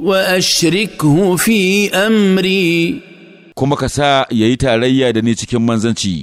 Wa واشركه في amri. kuma ka sa ya yi tarayya da ni cikin manzanci